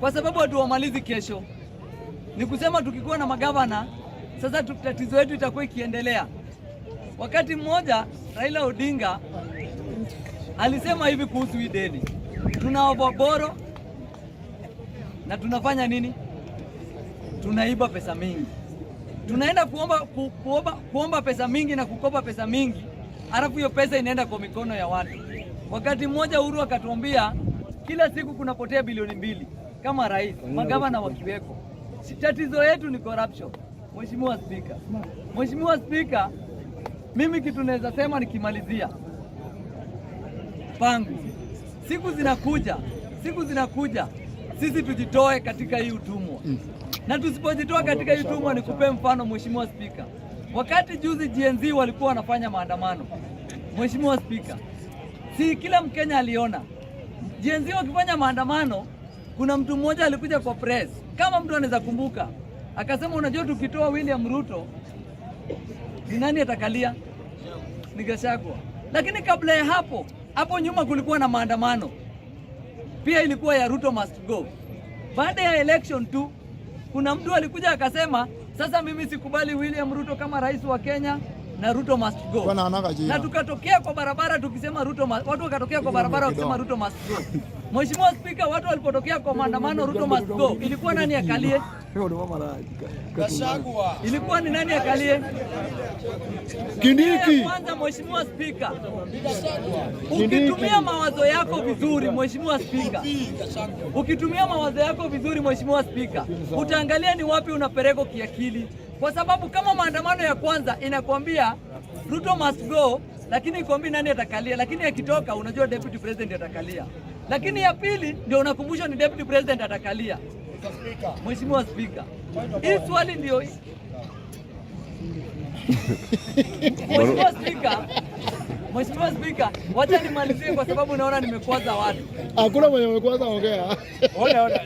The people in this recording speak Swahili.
kwa sababu hatuwamalizi kesho. Ni kusema tukikuwa na magavana sasa, tatizo yetu itakuwa ikiendelea. Wakati mmoja Raila Odinga alisema hivi kuhusu hii deni, tunawaboboro na tunafanya nini? Tunaiba pesa mingi, tunaenda kuomba, ku, kuomba, kuomba pesa mingi na kukopa pesa mingi, halafu hiyo pesa inaenda kwa mikono ya watu. Wakati mmoja Uhuru akatuambia kila siku kunapotea bilioni mbili kama rais, mm. magavana wakiweko. Tatizo yetu ni corruption. Mheshimiwa Spika, Mheshimiwa Spika, mimi kitu naweza sema nikimalizia pangu, siku zinakuja, siku zinakuja, sisi tujitoe katika hii utumwa, mm. na tusipojitoa katika hii utumwa, nikupe mfano Mheshimiwa Spika, wakati juzi GNZ walikuwa wanafanya maandamano, Mheshimiwa Spika, si kila Mkenya aliona Jenzi wakifanya maandamano, kuna mtu mmoja alikuja kwa press, kama mtu anaweza kumbuka, akasema unajua, tukitoa William Ruto ni nani atakalia? Ni Gachagua. Lakini kabla ya hapo, hapo nyuma kulikuwa na maandamano pia, ilikuwa ya Ruto must go. Baada ya election tu, kuna mtu alikuja akasema, sasa mimi sikubali William Ruto kama rais wa Kenya na Ruto must go. Na tukatokea kwa barabara tukisema Ruto must, watu wakatokea kwa barabara wakisema Ruto must go. Mheshimiwa Spika, watu walipotokea kwa maandamano Ruto must go, ilikuwa nani akalie? Ilikuwa ni nani akalie? Kindiki. Ee, kwanza Mheshimiwa Spika, ukitumia mawazo yako vizuri Mheshimiwa Spika, ukitumia mawazo yako vizuri Mheshimiwa Spika, utaangalia ni wapi unapelekwa kiakili kwa sababu kama maandamano ya kwanza inakwambia Ruto must go, lakini ikwambii nani atakalia, lakini akitoka unajua deputy president atakalia, lakini ya pili ndio unakumbusha ni deputy president atakalia. Mheshimiwa Spika, hii swali ndio Mheshimiwa Spika, Mheshimiwa Spika, wacha nimalizie kwa sababu naona nimekwaza watu. Hakuna mwenye amekwaza, ongea. Ole ole.